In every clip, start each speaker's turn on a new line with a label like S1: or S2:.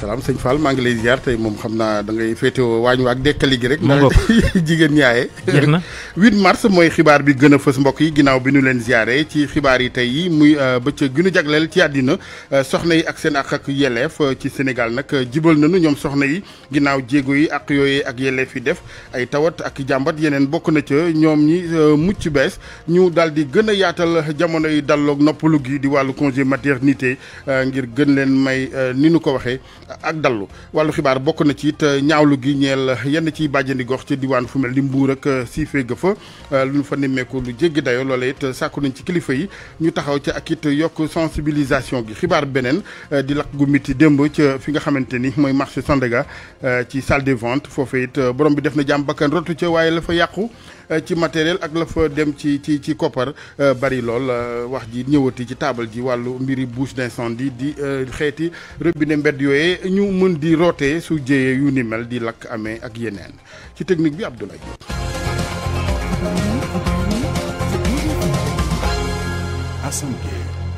S1: salaam sëñ Fall maa ngi lay ziar tey moom xam naa dangay ngay waañ ak dekkali gi rek. ndax jigéen ñaaye. jeex na 8 mars mooy xibaar bi gën a fës mbokk yi ginnaaw bi ñu leen ziaree ci xibaar yi tey yi muy euh, bëccëg gi nu jagleel ci àddina euh, soxna yi ak seen ak ak yelleef euh, ci Sénégal nag jibal nañu ñoom soxna yi ginnaaw jéego yi ak yooyee ak yelleef yi def ay tawat ak jàmbat yeneen bokk na ca ñoom ñi mucc bees ñu daal di gën a yaatal jamono yi dalloog noppalu gi di wàllu congé maternité ngir gën leen may ni ñu ko waxee ak dallu wàllu xibaar bokk na ci it euh, ñaawlu gi ñeel yenn ciy bàjjandi gox ci diwaan fu mel ni mbuur ak euh, siife ga fa euh, lu ñu fa nemmeeku lu jéggi dayo loola it sàkku nañ ci kilifa yi ñu taxaw ci ak it yokk sensibilisation gi xibaar beneen di lakk gu miti démb ca fi nga xamante ni mooy marché Sandaga ci salle des ventes foofu it borom bi def na jàmm bakkan rotu ca waaye la fa yàqu ci matériel ak la fa dem ci ci ci koppar euh, bari lool euh, wax ji ñëwati ci taabal ji wàllu mbiri bouche d'incendie di euh, xeeti robinet mbedd yooyee ñu mën di rootee su jéyee yu ni mel di lakk amee ak yeneen ci technique bi Abdoulaye Diop.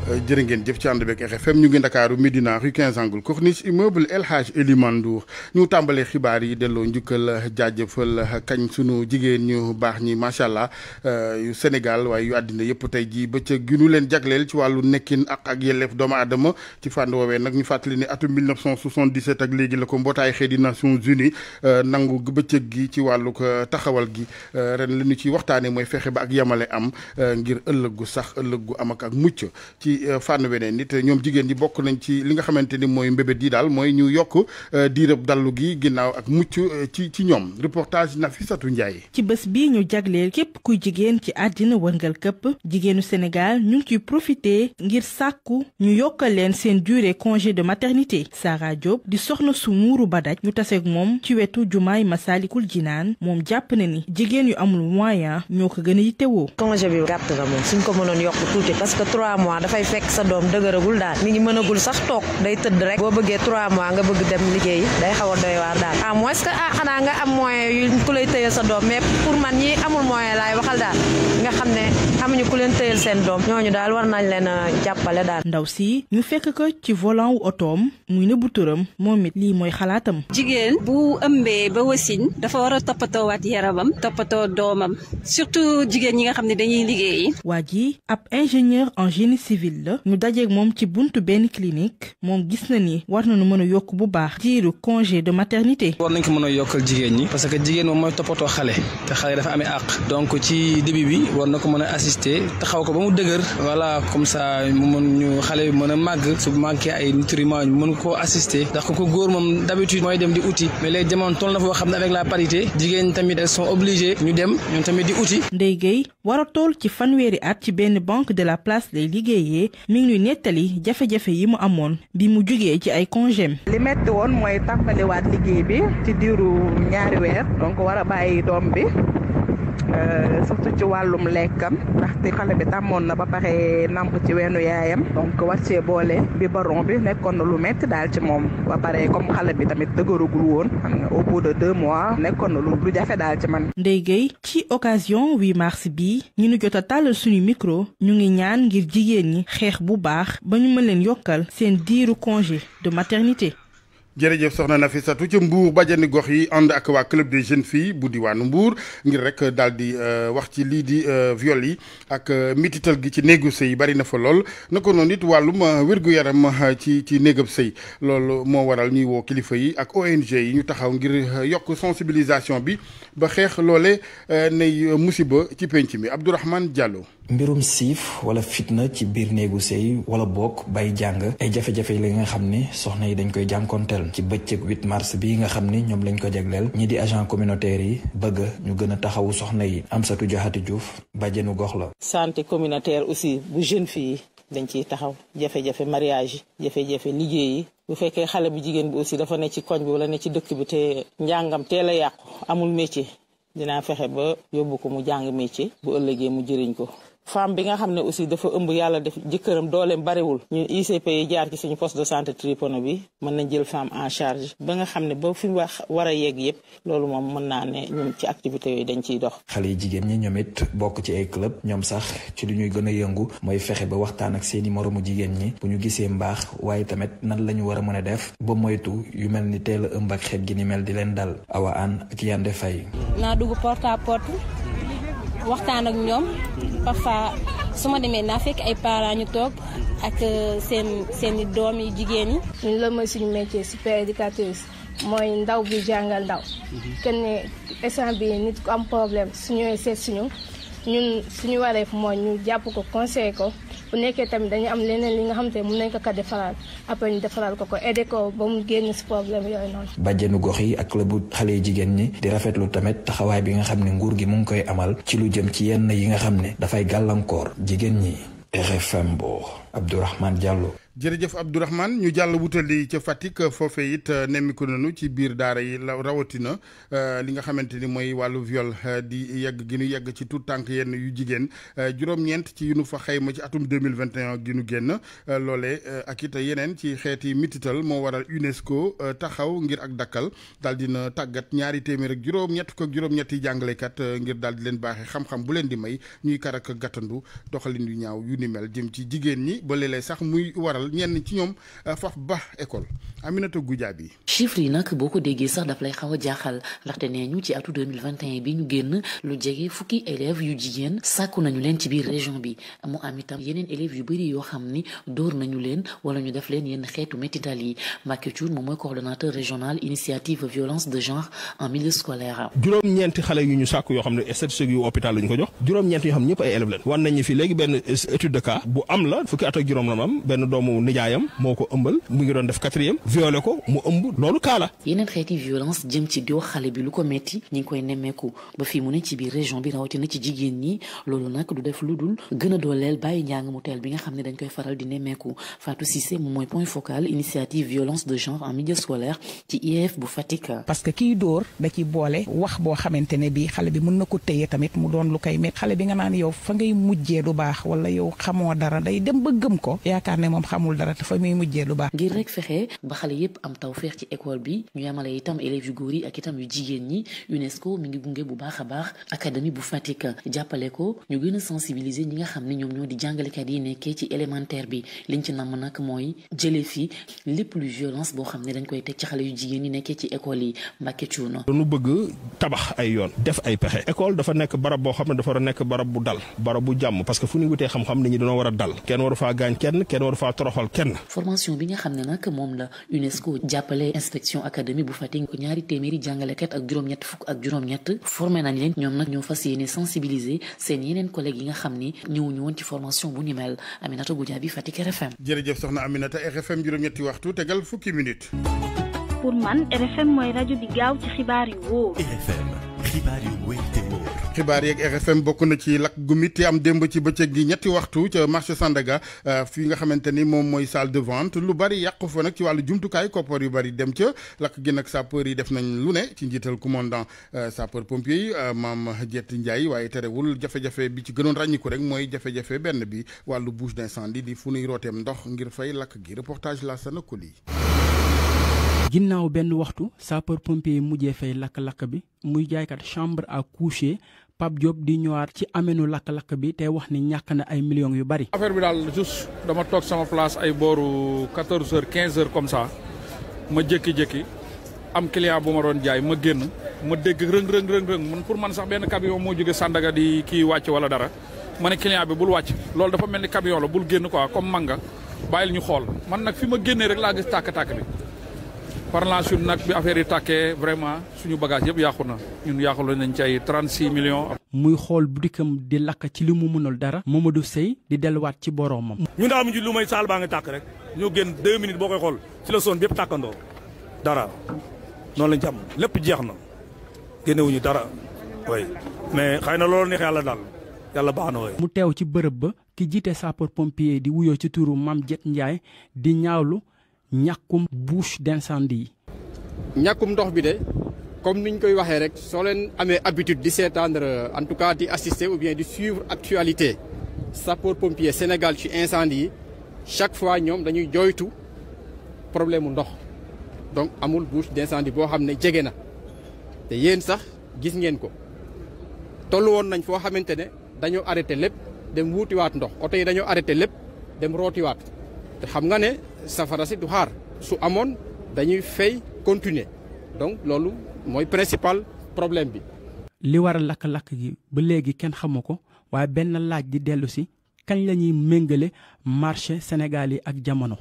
S1: jërë ngeen jëf ci ànd beeg RFM ñu ngi ndakaaru Médina rue 15 angle corniche immeuble El Hadj Eliman Ndour ñu tàmbalee xibaar yi delloo njukkal jaajëfal kañ sunu jigéen ñu baax ñi macha allah euh, yu Sénégal waaye yu àddina yëpp tey jii bëccëg gi ñu leen jagleel ci wàllu nekkin ak ak yelleef doomu adama ci fànn woowee nag ñu fàttali ne atum 1977 ak léegi la ko mbootaay xeeti Nations Unies euh, nangu bëccëg gi ci wàllu euh, taxawal gi ren li ñu ciy waxtaanee mooy fexe ba ak yamale am ngir ëllëg gu sax ëllëg gu am ak mucc ci euh, fànn weneen nit ñoom jigéen di bokk nañ ci li nga xamante ni mooy mbébét yi daal mooy ñu yokk euh, diirëb dallu gi ginnaaw ak mucc euh, ci ci ñoom reportage Nafisatu Ndiaye
S2: ci bés bi ñu jagleel képp kuy jigéen ci àddina wërngal këpp jigéenu Sénégal ñu ngi ciy profité ngir sàkku ñu yokkal leen seen durée congé de maternité Sara Diop di soxna su muuru ba daj ñu taseeg moom ci wetu jumaay Masaalikul Jinaan moom jàpp na ni jigéen yu amul moyen ñoo ko gën a yittewoo congé bi gàtt la moom dafay fekk sa doom dëgëragul daal mi ngi mënagul sax toog day tëdd rek boo bëggee trois mois nga bëgg dem liggéeyi day xaw a doy waar daal à moins que ah xanaa nga am moyen yu ku lay tëye sa doom mais pour man ñi amul moyen laay waxal daal nga xam ne amuñu ku leen tëyal seen doom ñooñu daal war nañ leen a jàppale daal. ndaw si ñu fekk ko ci volant wu otoom muy nëbbu turam moom it lii mooy xalaatam. jigéen bu ëmbee ba wasin dafa war a toppatoowaat yaramam toppatoo doomam surtout jigéen ñi nga xam ne dañuy liggéeyi. waa ji ab ingénieur en domicile la ñu dajeeg moom ci buntu benn clinique moom gis na ni war nañu mën a yokk bu baax diiru congé de maternité.
S3: war nañ ko mën a yokkal jigéen ñi parce que jigéen moom mooy toppatoo xale te xale dafa amee àq donc ci début bi war na ko mën a assister taxaw ko ba mu dëgër wala comme ça mu mën ñu xale bi mën a màgg su manqué ay nutriments ñu mën koo assister ndax ko góor moom d'habitude mooy dem di uti mais léegi jamono toll na foo xam ne avec la parité jigéen tamit elles sont obligées
S2: ñu dem ñun tamit di uti. Ndeye Gueye war a toll ci fanweeri at ci benn banque de la place lay loolee mi ngi ñuy nettali jafe-jafe yi mu amoon bi mu jugee ci ay congéem. li metti woon mooy tàmbaliwaat liggéey bi ci diiru ñaari weer donc war a bàyyi doom bi. Euh, surtout ci wàllum lekkam ndaxte xale bi tàmmoon na ba pare namp ci weenu yaayam donc war cee boole bi baron bi nekkoon na lu metti daal ci moom ba pare comme xale bi tamit dëgëragul woon xam nga au bout de deux mois nekkoon na lu lu jafe daal ci man. Ndeye Gueye ci occasion 8 mars bi ñu nu jot a tàllal suñu micro ñu ngi ñaan ngir jigéen ñi xeex bu baax ba ñu mën leen yokkal seen diiru congé de maternité.
S1: jërëjëf soxna na Nafisatu ca Mbour bajani gox yi ànd ak waa club des jeunes fii bu diwaanu Mbour ngir rek daal di euh, wax ci lii di euh, viol yi ak euh, mitital gi ci néegu sëy bari na fa lool na ko noonu it wàllum wér yaram ci ci néegab sëy loolu moo waral ñuy woo kilifa yi ak ONG yi ñu taxaw ngir yokk sensibilisation bi ba xeex loole nay musiba ci penc mi Abdourahmane Diallo.
S3: mbirum siif wala fitna ci biir néegu sëy wala bokk bay jàng ay jafe-jafe yi nga xam ne soxna yi dañ koy jànkonteel ci bëccëg 8 mars bii nga xam ni ñoom lañ ko jagleel ñii di agent communautaire yi bëgg ñu gën a taxawu soxna yi Amsatou Diakhaté Diouf bàjjenu gox la
S2: santé communautaire aussi bu jeune fille dañ ciy taxaw jafe-jafe mariage yi jafe-jafe liggéey bu fekkee xale bu jigéen bi aussi dafa ne ci koñ bi wala ne ci dëkk bi te njàngam teel a yàqu amul métier dinaa fexe ba yóbbu ko mu jàng métier bu ëllëgee mu jëriñ ko femme bi nga xam ne aussi dafa ëmb yàlla def jëkkëram dooleem bariwul ñun ICP yi jaar ci suñu poste de santé Tripono bi mën nañ jël femme en charge ba nga xam ne ba fi wax war a yegg yëpp loolu moom mën naa ne ci activité yooyu dañ ciy dox.
S3: xale yi jigéen ñi ñoom it bokk ci ay club ñoom sax ci lu ñuy gën a yëngu mooy fexe ba waxtaan ak seeni moroomu jigéen ñi bu ñu gisee mbaax waaye tamit nan la ñu war a mën a def ba moytu yu mel ni teel a ëmb ak xeet gi ni mel di leen dal awa aan ak yande fay.
S2: waxtaan ak ñoom parfois su ma demee naa fekk ay parents ñu toog ak euh, seen seen i doom yi jigéen yi. ñun loolu mooy suñu métier super éducatrice mooy ndaw bi jàngal ndaw. Mhm. kenn ne bi nit ku am problème su ñëwee seet suñu ñun suñu wareef mooy ñu jàpp ko conseillé ko bu nekkee tamit dañu am leneen li nga xam te ne mën nañ ko ko defaraal après ñu defaraal ko ko aidé ba mu génn si problème yooyu noonu.
S3: bàjjenu gox yi ak club bu xale jigéen ñi di rafetlu tamit taxawaay bi nga xam ne nguur gi mu ngi koy amal ci lu jëm ci yenn yi nga xam ne dafay gàllankoor jigéen ñi. RFM Mbour Abdourahmane Diallo.
S1: jërëjëf Abdourahmane ñu jàll wutali ca Fatick foofe it euh, nemmiku nañu ci biir daara yi la rawatina euh, li nga xamante ni mooy wàllu viole euh, di yegg gi ñu yegg ci tout tànk yenn yu jigéen juróom-ñeent ci yu nu fa xayma ci atum deux mille vingt et un gi ñu génn loole ak it yeneen ci xeeti mitital moo waral UNESCO taxaw ngir ak dakkal daal dina tàggat ñaari téeméer ak juróom-ñett ko jàngalekat ngir daal di leen baaxee xam-xam bu leen di may ñuy kar ak gàttandu doxalin yu ñaaw yu ni mel jëm ci jigéen ñi ba sax muy taal ñenn ci ñoom euh, faf ba école Aminata Goudiaby yi
S4: chiffre yi nag boo ko déggee sax daf lay xaw a jaaxal ndaxte nee ñu ci atu 2021 bi ñu génn lu jege fukki élèves yu jigéen sàkk nañu leen ci biir région bi mu am itam yeneen élèves yu bëri yoo xam ni door nañu leen wala ñu def leen yenn xeetu métital yi Mbacké Thiour moom mooy coordonnateur régional initiative violence de genre en milieu scolaire.
S5: juróom-ñeenti xale yu ñu sàkku yoo xam ne statistique yu hôpital lañu ko jox juróom-ñeenti yoo xam
S4: doomu nijaayam moo ko ëmbal mu ngi doon def quatrième violé ko mu ëmb loolu kaala yeneen xeeti violence jëm ci diw xale bi lu ko metti ñi ngi koy nemmeeku ba fii mu ne ci biir région bi rawatina a di nemmeeku Fatou Cissé moom mooy point focal initiative violence de genre en e wax boo xamante ne bii xale bi mën na
S2: ko téye tamit mu doon lu koy metti xale bi nga naan yow fa ngay mujjee du baax wala yow xamoo dara day dem
S4: ba gëm ko yaakaar ne moom xam amul dara te fa muy mujjee lu baax. ngir rek fexe ba xale yépp am tawféex ci école bi ñu yamale itam élèves yu góor yi ak itam yu jigéen ñi UNESCO mi ngi gunge bu baax baax académie bu Fatick jàppale ko ñu gën a ñi nga xam ne ñoom ñoo di jàngalekat yi nekkee ci élémentaire bi liñ ci namm nag mooy jëlee fi lépp lu violence boo xam ne dañ koy teg ci xale yu jigéen ñi nekkee ci école yi Mbacke Thiouna.
S5: dañu bëgg tabax ay yoon def ay pexe école dafa nekk barab boo xam ne dafa war a nekk bu dal barab bu jàmm parce que fu ñu wutee xam-xam nit ñi war a dal loxol kenn.
S4: formation bi nga xam ne nag moom la UNESCO jàppale inspection académie bu Fatick ko ñaari téeméeri jàngaleket ak juróom-ñett fukk ak juróom-ñett formé na leen ñoom nag ñoo fas yéene sensibiliser seen yeneen collègues yi nga xam ni ñëwuñu woon ci formation bu ni mel Aminata Goudiaby Fatick RFM.
S1: jërëjëf soxna Aminata RFM juróom-ñetti waxtu tegal fukki minute.
S2: pour man RFM mooy rajo bi gaaw ci xibaar yu
S1: xibaar yu wóor xibaar yeeg RFM bokk na ci lakk gu metti am démb ci bëccëg gi ñetti waxtu ca marché Sandaga euh, fii nga xamante ni moom mooy salle de vente lu bari yàqu fa nag ci wàllu jumtukaay koppar yu bari dem ca lakk gi nag sapeur yi def nañ lu ne ci njiital commandant euh, sapeur pompier yi euh, maam Jet Ndiaye waaye terewul jafe bi ci gënoon ràññiku rek mooy jafe benn bi wàllu bouche d'incendie fu nuy rooteem ndox ngir fay lakk gi reportage la sana koli
S3: ginnaaw benn waxtu sapeur pompier yi mujjee fay lakk-lakk bi muy jaaykat chambre à coucher Pape Diop di ñëwaat ci amenu lakk-lakk bi te wax ni ñàkk na ay millions yu bari. affaire bi daal
S5: juste dama toog sama place ay booru 14 heures quinze heures comme ça ma jékki-jékki am client bu ma doon jaay ma génn ma dégg rëng rëng rëng man pour man sax benn camion moo jóge Sandaga di kii wàcc wala dara ma ne client bi bul wàcc loolu dafa mel ni camion bul génn ko comme manga bàyyil ñu xool man nag fi ma génnee rek laa gis tàkk-tàkk bi. par la suite nag bi affaire yi tàkkee vraiment suñu bagage yëpp yàqu na ñun yàqule nañ ci ay trente six millions.
S3: muy xool bu budikam di lakk ci li mu mënul dara. Mamadou sey di delluwaat ci boroomam.
S5: ñun daa mujj lu may saal baa nga tàkk rek ñu génn deux minutes boo koy xool ci la zone bi yëpp tàkkandoo dara noonu la ci lépp jeex na génnewuñu dara way mais xëy na loolu neex yàlla daal yàlla baax na way mu
S3: teew ci bërëb ba ki jiite sapeur pompier di wuyoo ci turu Mame Jet Ndiaye di ñaawlu. ñàkkum bouche d'incendie
S5: yi. ñàkkum ndox bi de comme niñ koy waxee rek soo leen amee habitude di s'étendre en tout cas di assister ou bien di suivre actualité sapeur pompier Sénégal ci incendie yi chaque fois ñoom dañuy jooytu problème mu ndox donc amul bouche d'incendie boo xam ne jege na te yéen sax gis ngeen ko tollu woon nañ foo xamante ne dañoo arrêté lépp dem wuutiwaat ndox oto yi dañoo arrêté lépp dem rootiwaat. te xam nga ne safara si du xaar su amoon dañuy fay continuer donc loolu mooy principal problème bi.
S3: li war a lakk-lakk gi ba léegi kenn xamu ko waaye benn laaj di dellu si kañ la ñuy méngale marché Sénégal yi ak jamono.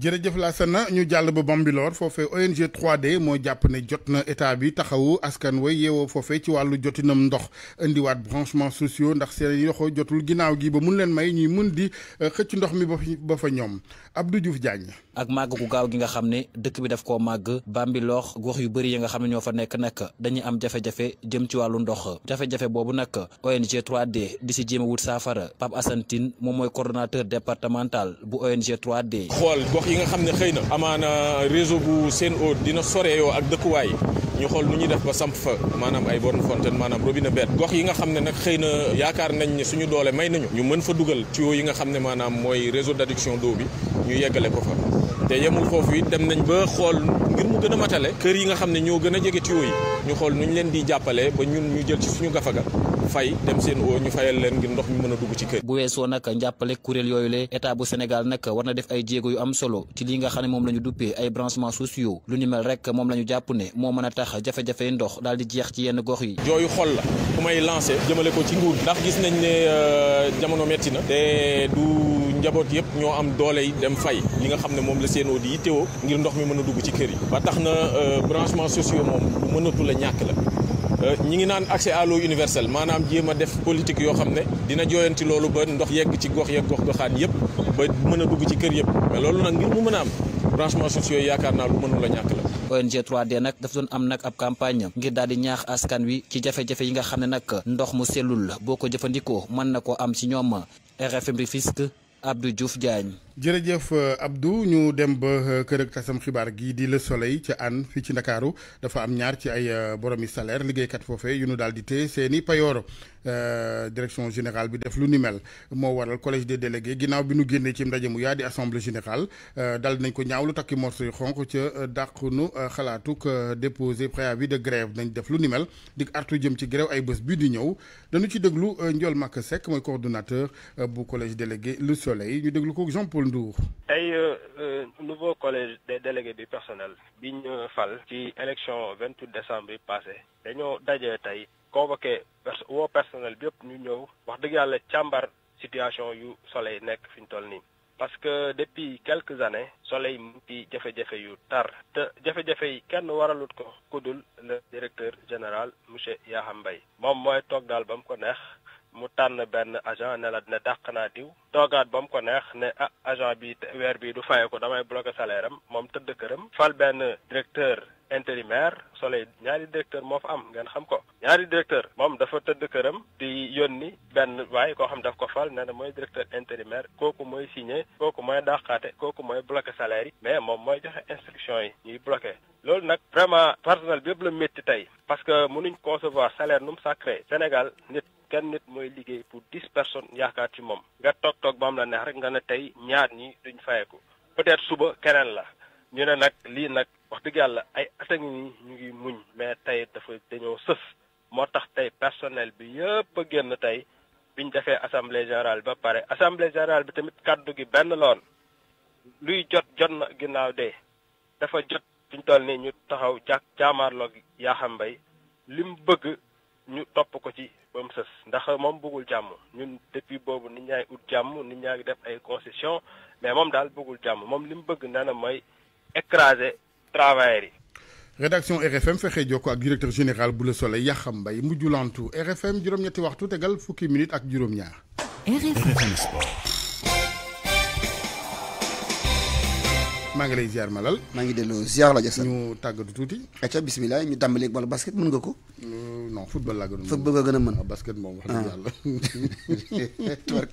S1: jërëjëf Lassana ñu jàll ba Bambilor foofee ONG trois d moo jàpp ne jot na état bi taxawu askan way yeewoo foofee ci wàllu jotinam ndox indiwaat branchement sociaux ndax seen yoxo jotul ginnaaw gi ba mun leen may ñuy mën di eh, xëcc ndox mi ba fa ñoom Abdou Diouf Diagne.
S3: ak màgg gu gaaw gi nga xam ne dëkk bi daf koo màgg bambiloox gox yu bëri yi nga xam ne ñoo fa nekk nag dañuy am jafe-jafe jëm ci wàllu ndox jafe-jafe boobu nag ONG 3D di si jéem a wut saafara Pape Assane Tine moom mooy coordonnateur
S5: départemental bu ONG 3D. xool gox yi nga xam ne xëy na amaana réseau bu seen Sen'Eau dina sore yoo ak dëkkuwaay ñu xool nu ñuy def ba samp fa maanaam ay bon fontaine maanaam robinet bête gox yi nga xam ne nag xëy na yaakaar nañ ne suñu doole may nañu ñu mën fa dugal tuyaux yi nga xam ne maanaam mooy réseau d'adduction d'eau bi ñu yeggale ko te yemul foofu it dem nañ ba xool ngir mu gën a matale kër yi nga xam ne ñoo gën a jege tuyaux yi ñu xool nu ñu leen di jàppale ba ñun ñu jël ci suñu gafaga fay dem seen oo ñu fayal leen ngir ndox mi mën a dugg ci kër bu weesoo nag njàppale kuréel yooyu le
S3: état bu Sénégal nag war na def ay jéego yu am solo ci li nga xam ne moom la ñu duppee ay branchements sociaux lu ni mel
S5: rek moom la ñu jàpp ne moo
S1: mën a tax jafe-jafe ndox daal di jeex ci yenn gox yi jooyu xol la ku may
S5: ko ci nguur ndax gis nañ ne euh, jamono metti na te njaboot yëpp ñoo am doole dem fay li nga xam ne moom la seenoo di yittewoo ngir ndox mi mën a dugg ci kër yi ba tax na euh, branchement sociaux moom bu mënatul a ñàkk la Euh, ñi ngi naan accès à l'eau maanaam jéem a def politique yoo xam ne dina jooyanti loolu ba ndox yegg ci gox yegg gox goxaan yëpp ba mën a dugg ci kër yëpp mais loolu nag ngir mu mën a am branchements sociaux yi yaakaar naa lu mënul la ñàkk la. ONG 3D nag dafa doon am nag ab campagne ngir daal di ñaax askan wi ci jafe-jafe yi nga xam ne nag
S3: ndox mu sellul boo ko jëfandikoo mën na koo am ci ñoom RFM Rufisque Abdou
S6: Diouf Diagne.
S1: jërëjëf euh, Abdou ñu dem ba euh, kër ak tasam xibaar gii di la Soleil ca Hann fii ci Ndakaaru dafa am ñaar ci ay euh, boromi salaire liggéeykat foofe yu nu daal di téye seeni payoor direction général bi def lu nimel moo waral collège des délégués ginnaaw bi nu génnee ci ndaje mu yaa di assemblée générale dal nañ ko ñaaw lu takki morso yu xonq ca dàq nu xalaatuk déposer préavis de grève nañ def lu ni mel di artu jëm ci grève ay bés bii di ñëw danu ci déglu Ndiol Mak Seck mooy coordonnateur bu collège délégué Le Soleil ñu déglu ko Jean Léopold Ndour
S5: tey euh, euh, nouveau collège des délégués du personnel bi ñu fal ci élection vingt huit décembre yi passé dañoo dajee tey convoqué woo personnel bi yëpp ñu ñëw wax dëgg yàlla càmbar situation yu soleil nekk fi ñu toll nii parce que depuis quelques années soleil mu ngi jafe-jafe yu tar te jafe-jafe yi kenn waralut ko kudul le directeur général monsieur Yakham Mbaye moom mooy toog daal ba mu ko neex mu tànn benn agent ne la ne dàq naa diw toogaat ba mu ko neex ne ah agent bi weer bi du faye ko damay bloqué salaire am moom tëdd këram fal benn directeur intérimaire soleil ñaari directeur moo fa am ngeen xam ko ñaari directeur moom dafa tëdd këram di ni benn waaye koo xam daf ko fal ne na mooy directeur intérimaire kooku mooy signe kooku mooy dàqaate kooku mooy bloqué salaire yi mais moom mooy joxe instruction yi ñuy bloqué loolu nag vraiment personnel yëpp la métti tey parce que mënuñ concevoir salaire nu mu sacré Sénégal nit kenn nit mooy liggéey pour dix personnes yaakaar ci moom nga toog toog ba am la neex rek nga ne tey ñaar ñi duñ fayeku peut-être suba keneen la ñu ne nag lii nag wax dëgg yàlla ay at a ngi ñu ngi muñ mais tey dafa dañoo sëf moo tax tey personnel bi yëpp a génn tey ñu defee assemblée générale ba pare assemblée générale bi tamit kàddu gi benn loon luy jot jot na ginnaaw de dafa jot fiñ toll nii ñu taxaw jàk jaamaarloog yaa xam mbay bëgg ñu topp ko ci ba mu sës ndax moom bëggul jàmm ñun depuis boobu nit ñaa ngi ut jàmm nit ñaa ngi def ay concession mais moom daal bëggul jàmm moom li mu bëgg nee na mooy écraser travailleurs yi.
S1: rédaction RFM fexe jokko ak directeur général bu Le Soleil Yaxam Mbaye mujjulantu RFM juróom-ñetti waxtu tegal fukki minutes ak juróom-ñaar. RFM
S6: maa ngi lay ziar Malal. maa ngi delloo ziar la Jassane. ñu tàggatu tuuti. acca bisimilah ñu tàmbali ak wàllu basket mën nga ko. non football laa gën a mën football ah, a mën. basket moom wax dëgg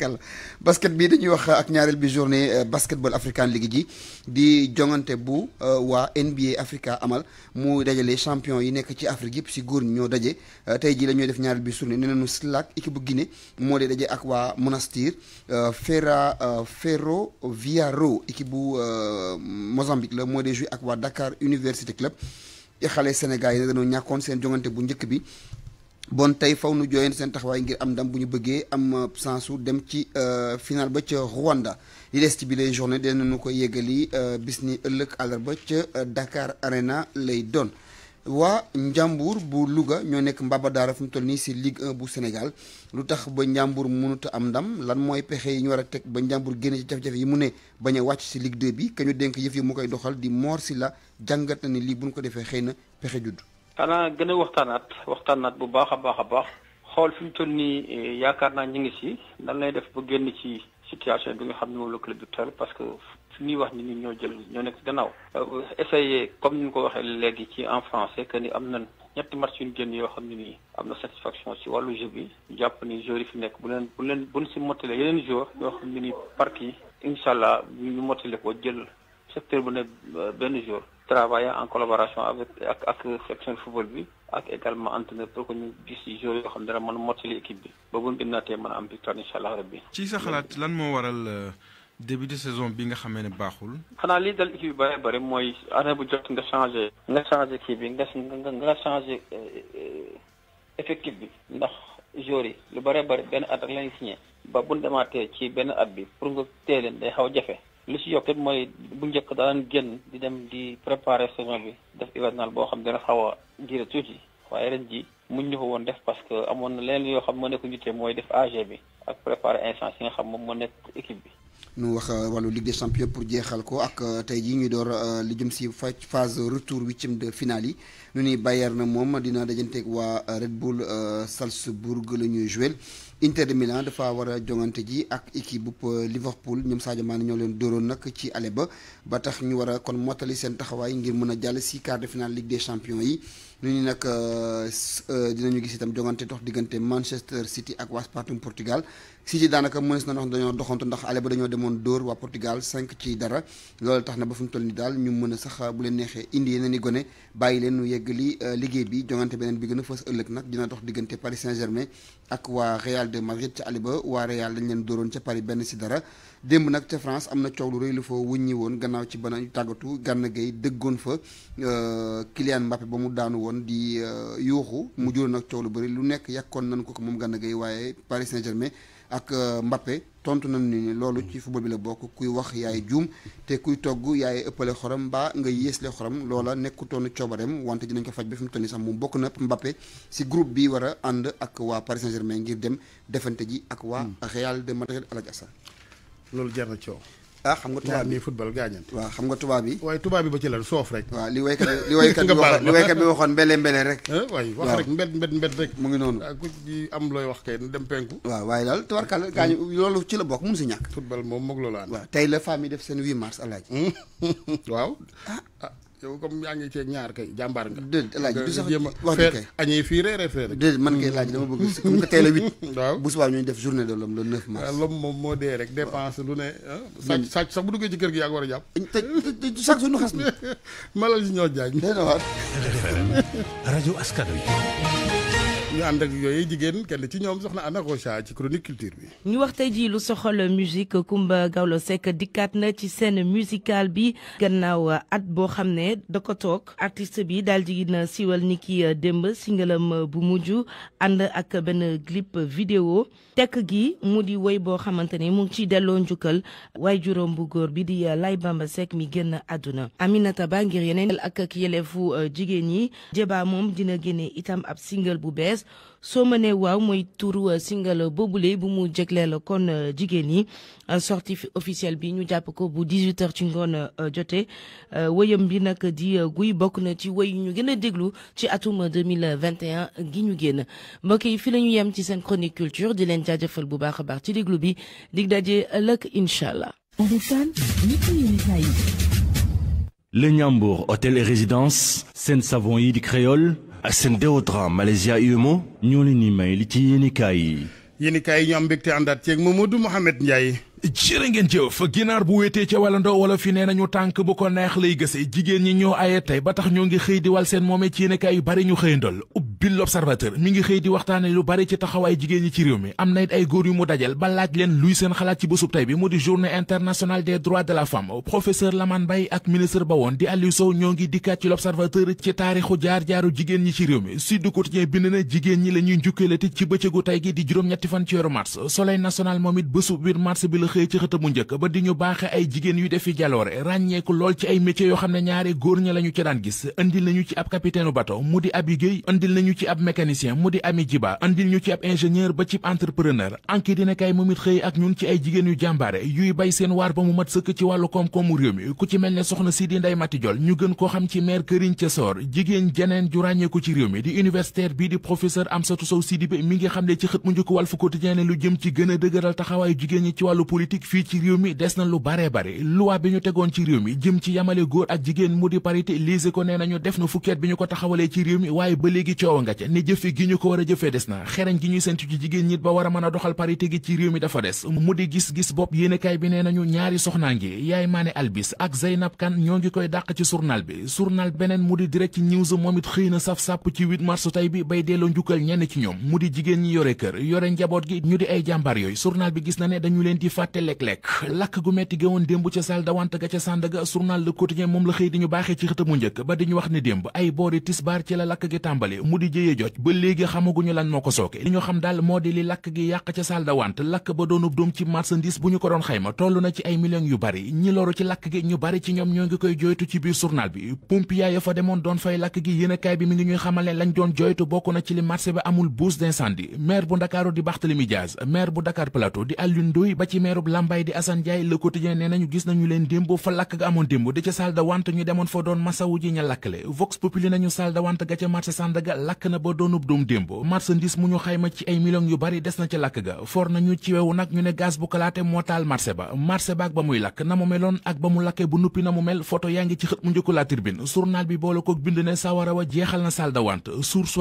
S6: ah. basket bi dañuy wax ak ñaareel bi journée euh, basketball african league ji di jongante bu euh, waa NBA Africa amal mu dajale champion yi nekk ci Afrique yëpp si góor ñi ñoo daje euh, tey jii la def ñaareel bi journée nee nañu Slack équipe bu Guinée moo dee daje ak waa Monastir Ferra Ferroviaro équipe bu. Mozambique la mois de juillet ak waa Dakar Université Club xale Sénégal yi ne dañoo ñàkkoon seen jongante bu njëkk bi bon tey faw nu jooyeen seen taxawaay ngir am ndam bu ñu bëggee am euh, sansu dem ci euh, final ba ca Rwanda li des ci bi lay journée dinañu ko yeggali euh, bis ni ëllëg àllarba ca Dakar Arena lay doon waa Njàmbur bu Louga ñoo nekk mbaba daara fi mu toll nii si Ligue bu Sénégal lu tax ba Njàmbur mënut am ndam lan mooy pexe yi ñu war a teg ba Njàmbur génn ci jafe-jafe yi mu ne bañ a wàcc si Ligue 2 bi ka ñu dénk yëf yi mu koy doxal di Mor la jàngat na ni lii buñ ko defee xëy na pexe judd.
S3: xanaa gën a waxtaanaat waxtaanaat bu baax a baax a baax xool fi mu toll nii eh, yaakaar naa ñu ci si nan lay def ba génn ci. situation bi nga xam ne moom la club bi toll parce que fi ñuy wax ni ñun ñoo jël ñoo nekk gannaaw. Euh, essayer comme ni ñu ko waxee léegi ci en français que ni am na ñetti match yu ñu génn yoo xam ne nii am na satisfaction ci wàllu jeu bi jàpp ni joueurs yi fi nekk bu leen bu leen bu ñu si mottalee yeneen joueurs yoo xam ne nii partie incha allah ñu mottale ko jël secteur bu ne euh, benn jour. travailler en collaboration avec ak ak section football bi. ak également entraîneur pour que ñu gis joueurs yoo xam ne dara mën a mottali équipe bi ba bu ñu innaatee mën a am victoire incha allah bi
S1: ci sa xalaat lan moo waral euh, début de saison bi nga xamee ne baaxul.
S3: xanaa lii dal équipe bi bëree bëri mooy année bu jot nga changé. nga kii bi nga nga nga changé euh, effectif bi ndax joueurs yi lu bëree bëri benn at rek lañuy signé ba bu ñu demaatee ci benn at bi pour nga teel leen day xaw a jafe. lu si yokk mooy bu njëkk daan génn di dem di préparer saison bi. hivernal boo xam ne dafa xaw a tuuti waaye ren ji muñ ñu woon def parce que amoon na leneen yoo xam ma nekk te mooy def AG bi ak préparer instance yi nga xam moom moo nekk équipe bi.
S6: nu wax euh, wàllu Ligue des champions pour jeexal ko ak euh, tey jii ñuy door euh, li jëm si phase retour huitième de finale yi nu ni na moom dina dajanteeg waa Red Bull Salzbourg la ñuy joué. Inter de Milan dafa war a jongante ji ak équipe bu euh, Liverpool ñoom Sadio Mané ñoo leen dóoroon nag ci ale ba ba tax ñu war a kon mottali seen taxawaay ngir mën a jàll si quart de finale Ligue des champions yi. lu ñu nag dinañu gis itam jogante dox diggante Manchester City ak Waspatum Portugal City daanaka mënees na wax dañoo doxantu ndax ale ba dañoo demoon dóor waa Portugal cinq ci dara loolu tax na ba fu mu toll nii daal ñu mën a sax bu leen neexee indi yeneen i gone bàyyi leen nu yegg li euh, liggéey bi jongante beneen bi gën a fës ëllëg nag dina dox diggante Paris Saint-Germain ak waa Real de Madrid ca ale ba waa Real dañu leen dóoroon ca Paris benn si dara démb nag ca France am na coow lu rëy lu fa wuññi woon gannaaw ci bana tàggatu Gana Gueye dëggoon fa euh, Kylian Mbappé ba mu daanu woon di euh, yuuxu mu juróon nag coow lu bëri lu nekk yàkkoon nañ ko ko moom Gana Gueye waaye Paris Saint-Germain ak euh, Mbappé tontu nañu ni loolu ci football bi la bokk kuy wax yaay juum te kuy togg yaay ëppale xorom mbaa nga yéesle xorom loola nekkutoon coobareem wante dinañ ko faj ba fi mu toll sax moom bokk na Mbappé si groupe bi war a ànd ak waa Paris saint ngir dem defante ji ak waa hmm. Real de Madrid Aladji Assane loolu jar na coow. ah xam nga tubaab bi football gaañante. waa xam nga tubaab bi. waaye tubaab bi ba ci lan soof rek. waaw li waykat li waykat bi waxoon li waykat bi waxoon mbele mbele rek. waay wax rek mu ngi noonu ah, ku ci am looy wax kay dem penku. waaw waaye daal tubarkal gaañu hmm. loolu ci la bokk mun si ñàkk. football moom moog loolu ànd. waaw tey la femme yi def seen 8 mars alaaj hmm. waaw. Ah. Ah. yow comme yaa ngi ceeg ñaar kay jàmbaar nga. déedéet laaj bi sax wax kay añee fii reeree fee rek. man kay laaj dama bëgg si comme que tey bu subaa ñuy def journée de l'homme le ah,
S1: moom moo dee rek dépense lu ne. Ah. sàcc sàcc sax bu duggee ci kër gi yaa ngi war a jàpp. Eh, te te sax suñu xas ni. malal si ñoo jaañ. déedéet waat. rajo askan wi. ñu ànd ak yooyu jigéen kenn ci ñoom soxna Anna Rocha ci chronique culture bi.
S2: ñu wax tey jii lu soxal musique Kumba Gawlo Seck dikkaat na ci scène musicale bi gannaaw at boo xam ne da ko toog artiste bi daal di na siiwal ni ki démb singalam bu mujj ànd ak benn clip vidéo tekk gi mu di woy boo xamante ne mu ngi ciy delloo njukkal waaye juróom bu góor bi di Laye Bamba Seck mi génn àdduna Aminata Ba ngir yeneen ak yelefu jigéen ñi Jeba moom dina génne itam ab single bu bees. soo mënee waaw mooy turu euh, single boobule bu mu jégleel kon euh, jigéen ñi euh, sortie officielle bi ñu jàpp ko bu 18 ci ngoon jote woyam bi nag di guy bokk na ci wëy ñu gën a déglu ci atum 2021 gi ñu génn mbokk yi fi la ñu yem ci seen chronique culture di leen jaajëfal bu baax a baax ci déglu bi dig daje ëllëg incha allah.
S7: Le Ndiambour hôtel et résidence seen savon yi di créole. ak seen déodorant Malaysia UMO ñoo leen ni may li ci yéenikaay yi yéenikaay yi ñu am mbégte àndaat ceeg Mamadou Mouhamed Ndiaye jërë ngeen jëf ginaar bu wéetee ca walandoo wala fi nee nañu tànk bu ko neex lay gëse jigéen ñi ñoo aye tey ba tax ñoo ngi xëy di wal seen moome ci yéenekaay yu bari ñu xëyandol ubbi l'observateur mi ngi xëy di waxtaane lu bari ci taxawaay jigéen ñi ci réew mi am na it ay góor yu mu dajal ba laaj leen luy seen xalaat ci bésub tey bi mu di journée internationale des droits de la femme professeur Lamane Baye ak ministre ba woon di Aliou Sow ñoo ngi jaar-jaaru jigéen ñi ci réew mi Sud Quotidien bind na jigéen ñi ñetti fan ci weeru mars soleil national moom xëy ci xëtamu njëkk ba di ñu baaxe ay jigéen yu defi jaloore ràññeeku lool ci ay métiers yoo xam ne ñaari góor ña la ñu ca daan gis indil nañu ci ab capitaine bateau mu di Abi Guèye indil nañu ci ab mécanicien mu di Ami Jiba indil ñu ci ab ingénieur ba ci entrepreneur anki dina kay moom it xëy ak ñun ci ay jigéen yu jàmbaare yuy bay seen waar ba mu mat sëkk ci wàllu koom-koomu réew mi ku ci mel ne soxna Sidi Ndeye Mati Diol ñu gën koo xam ci m Këriñ ca Sor jigéen jeneen ju ràññeeku ci politique fii ci réew mi des na lu bare bare loi bi ñu tegoon ci réew mi jëm ci yamale góor ak jigéen mu di parité liise ko nee nañu def na fukkeet bi ñu ko taxawalee ci réew mi waaye ba léegi coow nga ca ne jëfe gi ñu ko war a jëfee des na xereñ gi ñu sentu ci jigéen ñit ba war a mën doxal parité gi ci réew mi dafa des mu di gis-gis bopp yéenekaay bi nee nañu ñaari soxnaa ngi yaay maane albis ak Zeynab Kan ñoo ngi koy dàq ci journal bi journal beneen mu di direct news moom xëy na saf-sàpp ci 8 mars tey bi bay delloo njukkal ñenn ci ñoom mu di jigéen ñi yore kër yore njaboot gi ñu di ay jàmbaar yooyu fàtte lekk-lekk lakk gu metti géwoon démb ca salle d'awante ga ca Sandaga moom la xëy di ñu baaxee ci xëtamu njëkk ba di ñu wax ni démb ay boori tisbaar lakk gi mu di jëyee joj ba léegi xamaguñu lan moo ko sooke li xam daal moo di li lakk gi yàq ca salle d'awante lakk ba doonub doom ci marchandise bu ñu ko doon xayma toll na ci ay millions yu bari ñi loru ci lakk gi ñu bari ci ñoom ñoo ngi koy joytu ci biir journal bi pompier fa demoon doon fay lakk gi yéenekaay bi mi ngi ñuy xamal ne lañ doon joytu bokk na ci li marché ba amul bouche d'incendie maire bu Ndakaaru di Barthélémy Dias maire bu Dakar Plateau di Alioune Ndoye ba ci maire mairub Lambaye di Assane Ndiaye Le Quotidien nee nañu gis nañu leen démb fa lakk ga amoon démb di ca salle ñu demoon fa doon masawu ji ña lakkale Vox Populi nañu salle ga ca marché Sandaga lakk na ba doonub doom démb marchandise mu ñu xayma ci ay millions yu bari des na ca lakk ga for nañu ci wewu nag ñu ne gaz bu kalaate moo taal marché ba marché ba ak ba muy lakk na meloon ak ba mu lakkee bu nuppi na mel photo yaa ngi ci xët mu njëkku la Tribune journal wa jeexal na salle d'attente source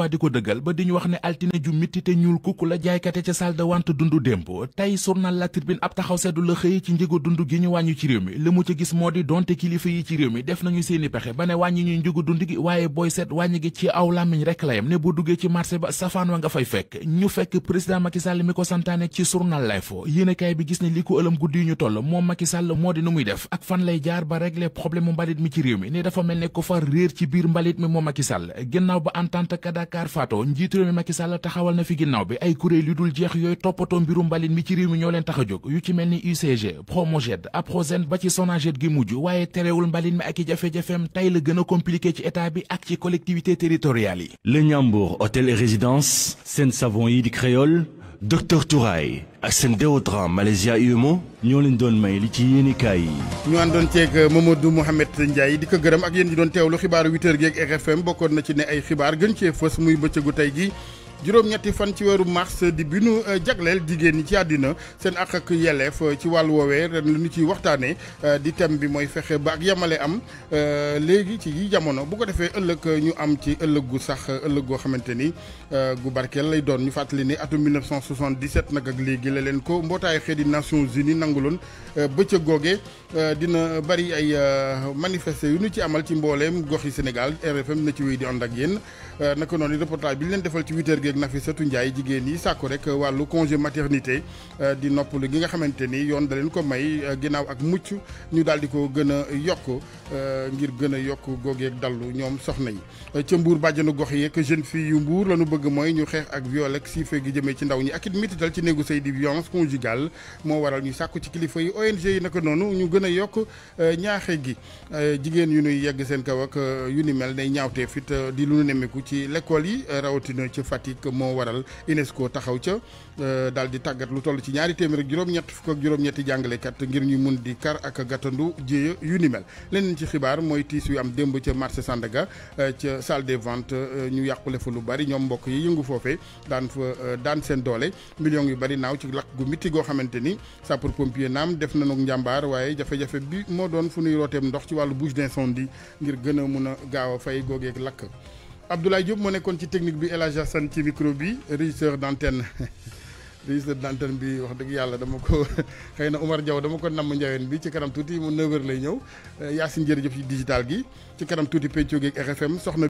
S7: taxaw seddu la xëy ci njëgu dund gi ñu wàññi ci réew mi li mu ci gis moo di donte kilifa yi ci réew mi def nañu seeni pexe ba ne wàññi ñuy njëgu dund gi waaye booy seet wàññi gi ci aw làmmiñ rek la yem ne boo duggee ci marché ba safaan wa nga fay fekk ñu fekk président Macky Sall mi ko santaane ci journal L'Info yéenekaay bi gis ne li ko ëlëm guddi yu ñu toll moom Macky sàll moo di nu muy def ak fan lay jaar ba régler problème mbalit mi ci réew mi ne dafa mel ne ko far biir mbalit mi moom Macky Sall ginnaaw ba entente Kadakar fato njiitu réew mi Macky Sall taxawal na fi ginnaaw bi ay kuréel yu dul jeex yooyu toppatoo mbiru mbalit mi ci réew mi ñoo leen tax a mel ni UCG Promoged Aprosen ba ci Sonaged gi mujj waaye terewul mbalit mi ak i jafe-jafeem tey la gën a compliqué ci état bi ak ci collectivité territoriale yi le Ñambour hôtel et résidence seen savon yi di créole docteur Touraay ak seen déodorant Malaysia UMO ñoo leen doon may li ci yéenekaay yi
S1: ñu àndoon ceeg Mamadou Mouhamed yi di ko gërëm ak yéen ñi doon teewlu xibaaru 8h gi ak RFM bokkoon na ci ne ay xibaar gën cee fës muy bëccëgu tey gi juróom-ñetti fan ci weeru mars di bi nu eh, jagleel jigéen ñi ci àddina seen ak ak yelleef eh, ci wàllu woowee ren lu ñu ciy waxtaanee eh, di thème bi mooy fexe ba ak yemale am léegi ci jamono bu ko defee ëllëg ñu am ci ëllëg gu sax ëllëg goo xamante ni gu barkeel lay doon ñu fàttali ni atum 1977 nag ak léegi la leen ko mbootaayu xeeti Nations Unies nanguloon bëccëg googe dina bari ay manifester yu nu ci amal ci mbooleem gox yi Sénégal RFM na ci wéy di ànd ak yéen naka noonu reportage bi ñu leen defal ci 8 geeg Nafisatu Ndiaye jigéen yi sàkku rek wàllu congé euh, di noppalu gi nga xamante ni yoon da ko may euh, ginnaaw ak mucc ñu daal di ko gën a yokk euh, ngir gën a yokk googeeg dallu ñoom soxna yi ca Mbour bàjjanu gox yeeg jeune fille yu Mbour la bëgg mooy ñu xeex ak viol ak siife gi ci ndaw ñi ak it mitital ci néegu sëy di violence conjugale moo waral ñu sàkku ci kilifa yi ONG yi naka noonu ñu gën a yokk ñaaxe gi jigéen yu nuy yegg seen kaw ak yu ni mel day ñaawtee fit di lu nu nemmeeku ci l'école yi rawatina ci Fatick Afrique moo waral UNESCO taxaw ca euh, daal di tàggat lu toll ci ñaari téeméer ak juróom-ñett fukk ak juróom-ñetti jàngalekat ngir ñu mun di kar ak gàttandu jéeya yu ni mel leneen ci xibaar mooy tiis yu am démb ca marché Sandaga euh, ca salle des ventes euh, ñu yàqule fa lu bari ñoom mbokk yi yëngu foofee daan fa daan seen doole millions yu bari naaw ci lakk gu mitti goo xamante ni sapeur pompier naam def nañu njàmbaar waaye jafe-jafe bi moo doon fu nuy rooteem ndox ci wàllu bouche d'incendie ngir gën a mun a gaaw a fay googeeg lakk Abdoulaye Diop moo nekkoon ci technique bi El Hadj Assane ci micro bi régisseur d' antenne régisseur d' antenne bi wax dëgg yàlla dama ko xëy na Umar Diaw dama ko namm njaween bi ci kanam tuuti mu 9h lay ñëw euh, Yacine jërëjëf ci digital gi ci kanam tuuti Pencco geeg RFM soxna.